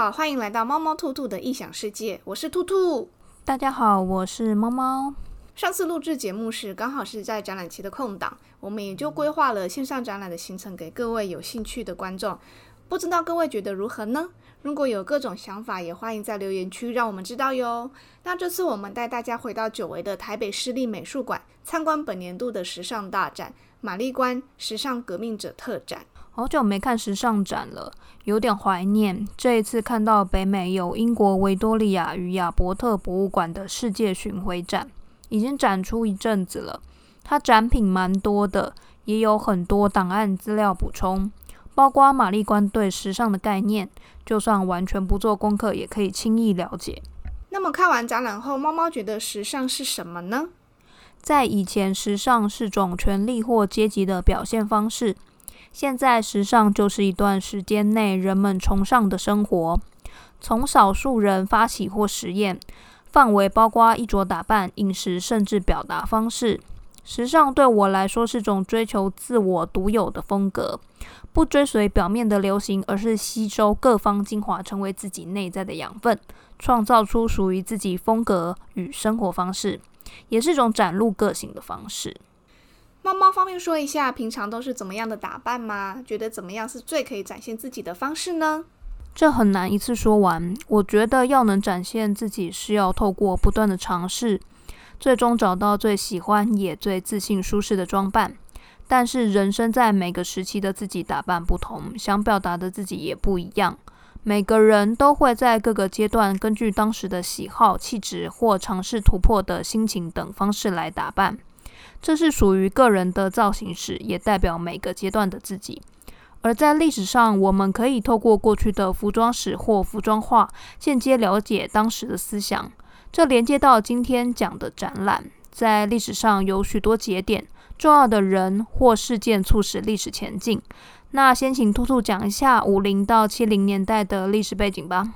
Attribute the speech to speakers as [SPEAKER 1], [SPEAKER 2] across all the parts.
[SPEAKER 1] 好，歡迎來到貓貓兔兔的異想世界，我是兔兔。
[SPEAKER 2] 大家好，我是貓貓。
[SPEAKER 1] 上次錄制節目時剛好是在展覽期的空檔，我們也就規劃了線上展覽的行程給各位有興趣的觀眾。不知道各位覺得如何呢？如果有各種想法，也歡迎在留言區讓我們知道喲。那這次我們帶大家回到久違的台北市立美術館，
[SPEAKER 2] 參觀本年度的時尚大展——瑪莉官時尚革命者特展。好久沒看時尚展了，有點懷念。這一次看到北美有英國維多利亞與亞伯特博物館的世界巡迴展，已經展出一陣子了。它展品蠻多的，也有很多檔案資料補充，包括瑪莉官對時尚的概念。就算完全不做功課，也可以輕易了解。那麼看完展覽後，貓貓覺得時尚是什麼呢？在以前，時尚是種權力或階級的表現方式。現在，時尚就是一段時間內人們崇尚的生活，從少數人發起或實驗，範圍包括衣着打扮、飲食，甚至表達方式。時尚對我來說是種追求自我獨有的風格，不追隨表面的流行，而是吸收各方精華，成為自己內在的養分，創造出屬於自己風格與生活方式，也是種展露個性的方式。
[SPEAKER 1] 貓貓方便說一下，平常都是怎麼樣的打扮嗎？覺得怎麼樣是最可以展現自己的方式呢？
[SPEAKER 2] 這很難一次說完。我覺得要能展現自己，是要透過不斷的嘗試，最終找到最喜歡也最自信舒適的裝扮。但是人生在每個時期的自己打扮不同，想表達的自己也不一樣。每個人都會在各個階段，根據當時的喜好、氣質或嘗試突破的心情等方式來打扮。這是屬於個人的造型史，也代表每個階段的自己。而在歷史上，我們可以透過過去的服裝史或服裝畫，間接了解當時的思想。這連接到今天講的展覽，在歷史上有許多節點、重要的人或事件促使歷史前進。那先請兔兔講一下五零到七零年代的歷史背景吧。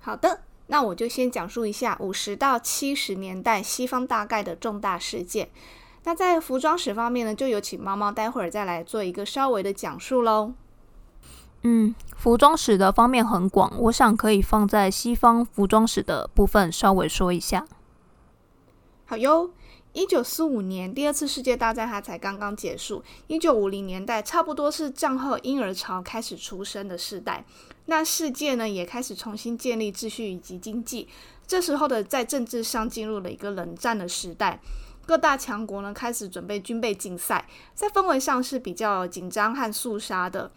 [SPEAKER 2] 好
[SPEAKER 1] 的。那我就先講述一下五十到七十年代西方大概的重大事件。那在服裝史方面呢，就有請貓貓待會兒再來做一個稍微的講述
[SPEAKER 2] 嘍。嗯，服裝史的方面很廣，我想可以放在西方服裝史的部分稍微說一下。
[SPEAKER 1] 好喲。一九四五年，第二次世界大戰它才剛剛結束。一九五零年代，差不多是戰後嬰兒潮開始出生的時代。那世界呢，也開始重新建立秩序以及經濟。這時候的，在政治上進入了一個冷戰的時代，各大強國呢開始準備軍備競賽，在氛圍上是比較緊張和肅殺的。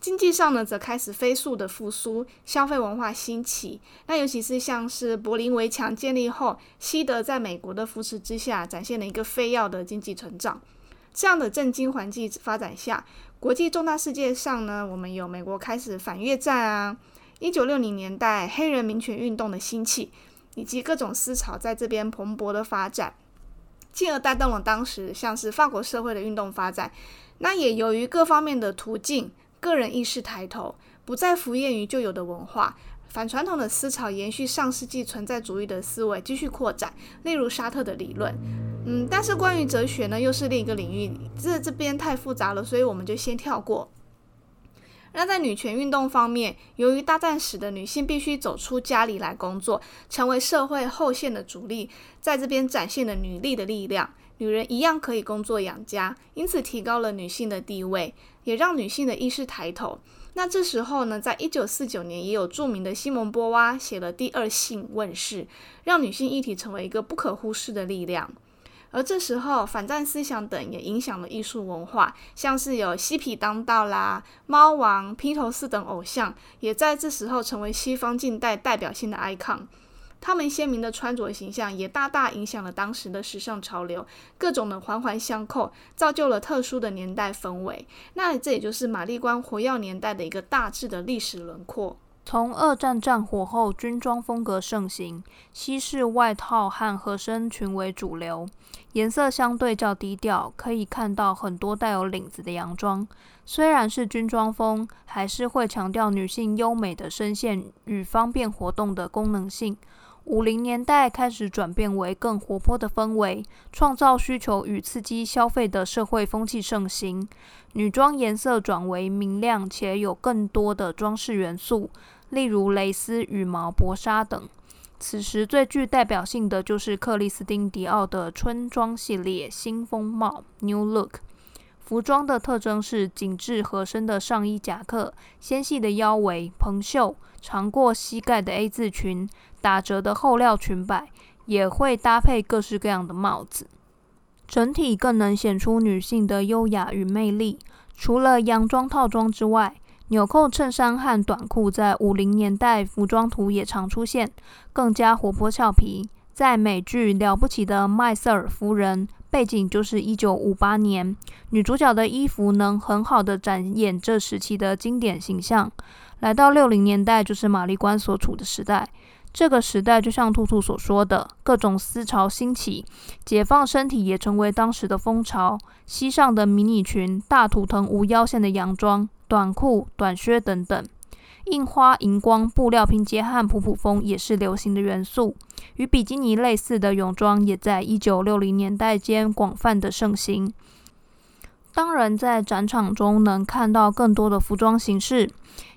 [SPEAKER 1] 經濟上呢，則開始飛速的復甦，消費文化興起。那尤其是像是柏林圍牆建立後，西德在美國的扶持之下，展現了一個飛躍的經濟成長。這樣的政經環境發展下，國際重大事件上呢，我們有美國開始反越戰啊，一九六零年代黑人民權運動的興起，以及各種思潮在這邊蓬勃的發展，進而帶動了當時像是法國社會的運動發展。那也由於各方面的途徑。個人意識抬頭，不再服膺於舊有的文化，反傳統的思潮延續上世紀存在主義的思維，繼續擴展，例如沙特的理論。嗯，但是關於哲學呢，又是另一個領域，這這邊太複雜了，所以我們就先跳過。那在女權運動方面，由於大戰時的女性必須走出家裡來工作，成為社會後線的主力，在這邊展現了女力的力量。女人一樣可以工作養家，因此提高了女性的地位，也讓女性的意識抬頭。那這時候呢，在一九四九年，也有著名的西蒙波娃寫了《第二性》問世，讓女性議題成為一個不可忽視的力量。而這時候，反戰思想等也影響了藝術文化，像是有嬉皮當道啦、貓王、披頭四等偶像，也在這時候成為西方近代代表性的 icon。他們鮮明的穿着的形象也大大影響了當時的時尚潮流，各種的環環相扣，造就了特殊的年代氛圍。那這也就是瑪莉
[SPEAKER 2] 官活躍年代的一個大致的歷史輪廓。從二戰戰火後，軍裝風格盛行，西式外套和合身裙為主流，顏色相對較低調，可以看到很多帶有領子的洋裝。雖然是軍裝風，還是會強調女性優美的身線與方便活動的功能性。五零年代開始轉變為更活潑的氛圍，創造需求與刺激消費的社會風氣盛行。女裝顏色轉為明亮且有更多的裝飾元素，例如蕾絲、羽毛、薄紗等。此時最具代表性的就是克里斯汀·迪奧的春裝系列新風貌 （New Look）。服裝的特徵是緊致合身的上衣夾克、纖細的腰圍、蓬袖、長過膝蓋的 A 字裙、打折的厚料裙襬，也會搭配各式各樣的帽子，整體更能顯出女性的優雅與魅力。除了洋裝套裝之外，紐扣襯衫和短褲在五零年代服裝圖也常出現，更加活潑俏皮。在美劇《了不起的麥瑟爾夫人》。背景就是一九五八年，女主角的衣服能很好的展演這時期的經典形象。來到六零年代，就是瑪莉官所處的時代。這個時代就像兔兔所說的，各種思潮興起，解放身體也成為當時的風潮。膝上的迷你裙、大圖騰、無腰線的洋裝、短褲、短靴等等，印花、熒光、布料拼接和普普風也是流行的元素。與比基尼類似的泳裝也在1960年代間廣泛的盛行。當然，在展場中能看到更多的服裝形式，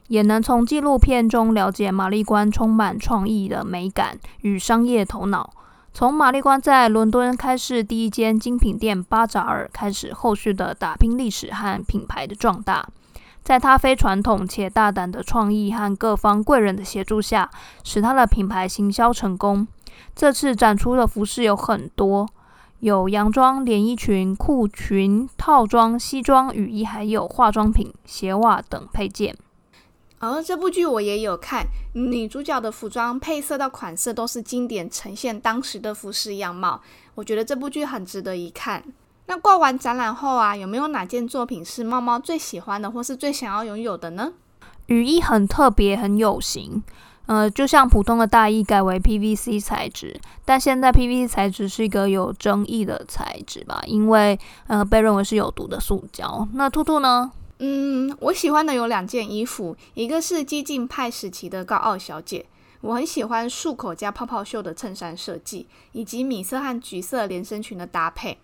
[SPEAKER 2] 也能從紀錄片中了解瑪莉官充滿創意的美感與商業頭腦。從瑪莉官在倫敦開市第一間精品店巴扎爾開始，後續的打拼歷史和品牌的壯大。在她非傳統且大膽的創意和各方貴人的協助下，使她的品牌行銷成功。這次展出的服飾有很多，有洋裝、連衣裙、褲裙、套裝、西裝、雨衣，還有化妝品、鞋襪等配件。
[SPEAKER 1] 而、哦、這部劇我也有看，女主角的服裝配色到款式都是經典，呈現當時的服飾樣貌。我覺得這部劇很值得一看。那逛完展覽後啊，有沒有哪件作品是貓貓最喜歡的，或是最
[SPEAKER 2] 想要擁有的呢？雨衣很特別，很有型，呃，就像普通的大衣改為 PVC 材質，但現在 PVC 材質是一個有爭議的材質吧，因為呃被認為是有毒的塑膠。那兔兔呢？嗯，我
[SPEAKER 1] 喜歡的有兩件衣服，一個是激進派時期的高傲小姐，我很喜歡束口加泡泡袖的襯衫設計，以及米色和橘色連身裙的搭配。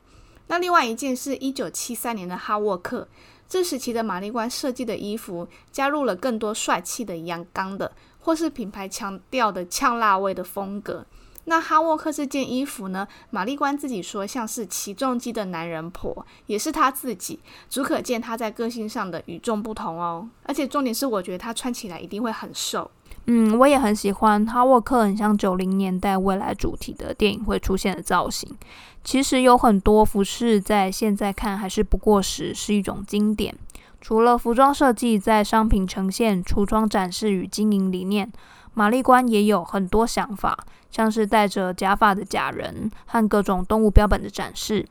[SPEAKER 1] 那另外一件是1973年的哈沃克，這時期的瑪莉官設計的衣服加入了更多帥氣的、陽剛的，或是品牌強調的嗆辣味的風格。那哈沃克這件衣服呢，瑪莉官自己說像是騎重機的男人婆，也是他自己，足可見他在個性上的與眾不同哦。而且重點是，我覺得他穿起來一定會很瘦。
[SPEAKER 2] 嗯，我也很喜歡哈沃克，很像九零年代未來主題的電影會出現的造型。其實有很多服飾在現在看還是不過時，是一種經典。除了服裝設計在商品呈現、櫥窗展示與經營理念，瑪莉官也有很多想法，像是帶着假髮的假人和各種動物標本的展示，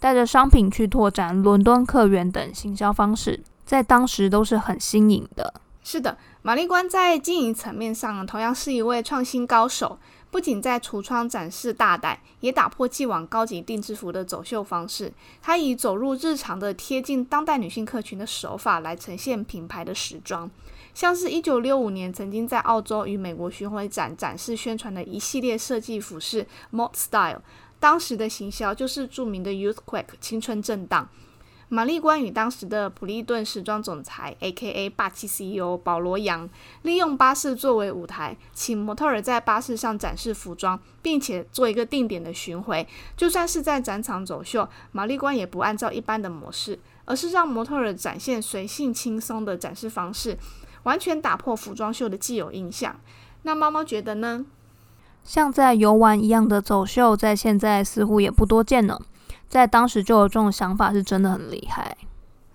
[SPEAKER 2] 帶着商品去拓展倫敦客源等行銷方式，在當時都是很新穎的。
[SPEAKER 1] 是的。瑪莉官在經營層面上同樣是一位創新高手，不僅在櫥窗展示大膽，也打破既往高級定製服的走秀方式。她以走入日常的貼近當代女性客群的手法來呈現品牌的時裝，像是1965年曾經在澳洲與美國巡迴展展示宣傳的一系列設計服飾 Mod Style，當時的行銷就是著名的 Youthquake 青春震盪。瑪麗官與當時的普利頓時裝總裁 （A.K.A. 霸氣 CEO） 保羅揚利用巴士作為舞台，請模特兒在巴士上展示服裝，並且做一個定點的巡迴。就算是在展場走秀，瑪莉官也不按照一般的模式，而是讓模特兒展現隨性輕鬆的展示方式，完全打破服裝秀的既有印象。那貓貓覺得呢？
[SPEAKER 2] 像在遊玩一樣的走秀，在現在似乎也不多見了。在當時就有這種想法，是真的很厲害。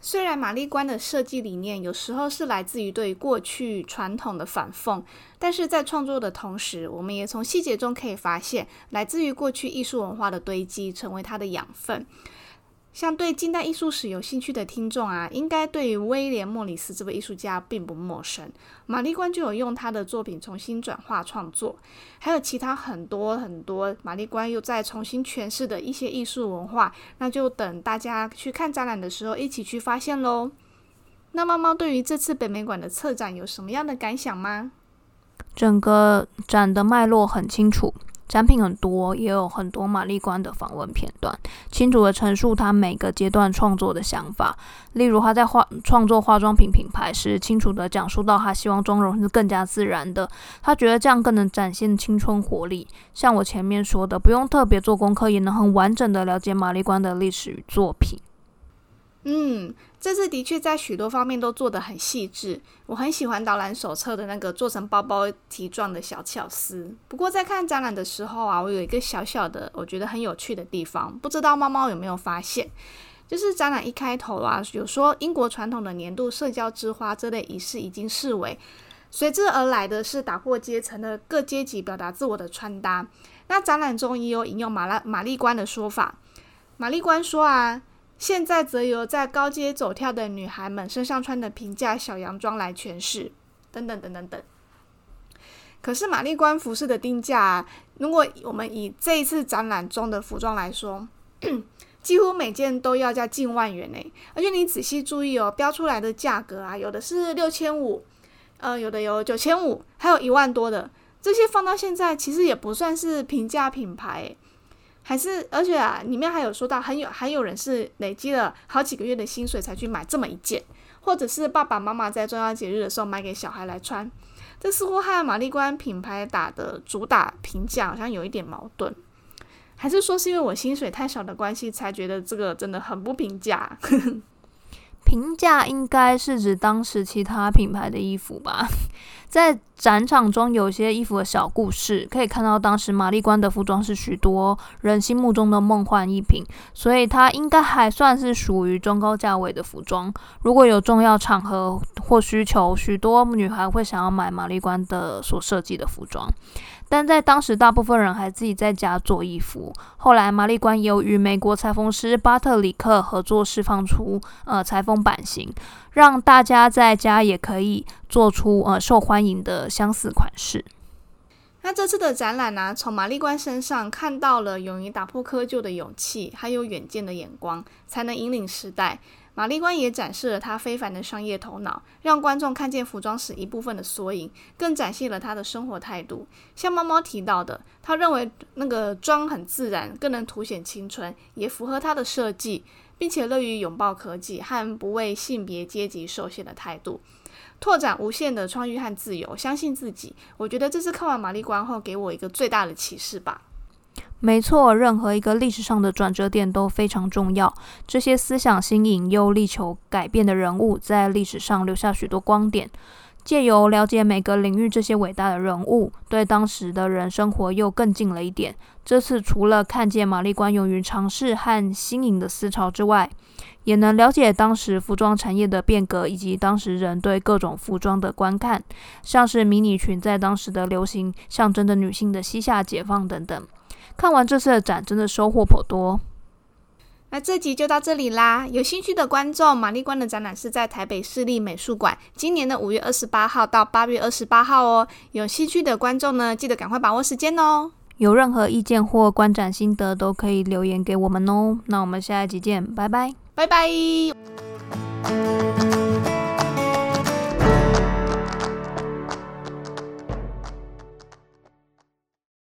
[SPEAKER 1] 雖然瑪莉官的設計理念有時候是來自於對過去傳統的反諷，但是在創作的同時，我們也從細節中可以發現，來自於過去藝術文化的堆積，成為它的養分。像對近代藝術史有興趣的聽眾啊，應該對於威廉·莫里斯這位藝術家並不陌生。瑪莉官就有用他的作品重新轉化創作，還有其他很多很多瑪莉官又在重新詮釋的一些藝術文化，那就等大家去看展覽的時候一起去發現嘍。那貓貓對於這次北美館的策展有什麼樣的感想嗎？
[SPEAKER 2] 整個展的脈絡很清楚。展品很多，也有很多瑪莉官的訪問片段，清楚地陳述他每個階段創作的想法。例如，他在化創作化妝品品牌時，清楚地講述到他希望妝容是更加自然的，他覺得這樣更能展現青春活力。像我前面說的，不用特別做功課，也能很完整地了解瑪莉官的歷史與作品。
[SPEAKER 1] 嗯，這次的確在許多方面都做得很細緻，我很喜歡導覽手冊的那個做成包包提狀的小巧思。不過在看展覽的時候啊，我有一個小小的我覺得很有趣的地方，不知道貓貓有沒有發現，就是展覽一開頭啊，有說英國傳統的年度社交之花這類儀式已經式微，隨之而來的是打破階層的各階級表達自我的穿搭。那展覽中也有引用馬拉瑪莉官的說法，瑪莉官說啊。現在則由在高街走跳的女孩們身上穿的平價小洋裝來詮釋，等等等等等。可是瑪莉官服飾的定價啊，如果我們以這一次展覽中的服裝來說，幾乎每件都要在近萬元內。而且你仔細注意哦，標出來的價格啊，有的是六千五，呃，有的有九千五，還有一萬多的。這些放到現在，其實也不算是平價品牌。還是，而且啊，裡面還有說到，很有，還有人是累積了好幾個月的薪水才去買這麼一件，或者是爸爸媽媽在重要節日的時候買給小孩來穿，這似乎和瑪莉官品牌打的主打平價好像有一點矛盾，還是說是因為我薪水太少的關係，才覺得這個真的很不平價？
[SPEAKER 2] 平價應該是指當時其他品牌的衣服吧？在展場中，有一些衣服的小故事可以看到，當時瑪莉官的服裝是許多人心目中的夢幻逸品，所以它應該還算是屬於中高價位的服裝。如果有重要場合或需求，許多女孩會想要買瑪莉官的所設計的服裝。但在當時，大部分人還自己在家做衣服。後來，瑪莉官又與美國裁縫師巴特里克合作，釋放出呃裁縫版型。讓大家在家也可以做出呃受歡迎的相似款式。
[SPEAKER 1] 那這次的展覽呢、啊，從瑪莉官身上看到了勇於打破窠臼的勇氣，還有遠見的眼光，才能引領時代。瑪莉官也展示了他非凡的商業頭腦，讓觀眾看見服裝史一部分的縮影，更展現了他的生活態度。像貓貓提到的，他認為那個妝很自然，更能凸顯青春，也符合他的設計。並且樂於擁抱科技和不為性別階級受限的態度，拓展無限的創意和自由，相信自己。我覺得這是看完《瑪莉官》後給我一個最大的啟示吧。
[SPEAKER 2] 沒錯，任何一個歷史上的轉折點都非常重要。這些思想新穎又力求改變的人物，在歷史上留下許多光點。借由了解每個領域這些偉大的人物，對當時的人生活又更近了一點。這次除了看見瑪莉官勇於嘗試和新穎的思潮之外，也能了解當時服裝產業的變革以及當時人對各種服裝的觀看，像是迷你裙在當時的流行，象徵着女性的膝下解放等等。看完這次的展，真的收穫頗多。
[SPEAKER 1] 那這集就到這裡啦！有興趣的觀眾，瑪莉官的展覽是在台北市立美術館，今年的五月二十八號到八月二十八號哦。有興趣的觀眾呢，記得趕快
[SPEAKER 2] 把握時間哦！有任何意見或觀展心得，都可以留言給我們哦。那我們下一集見，拜拜，拜拜。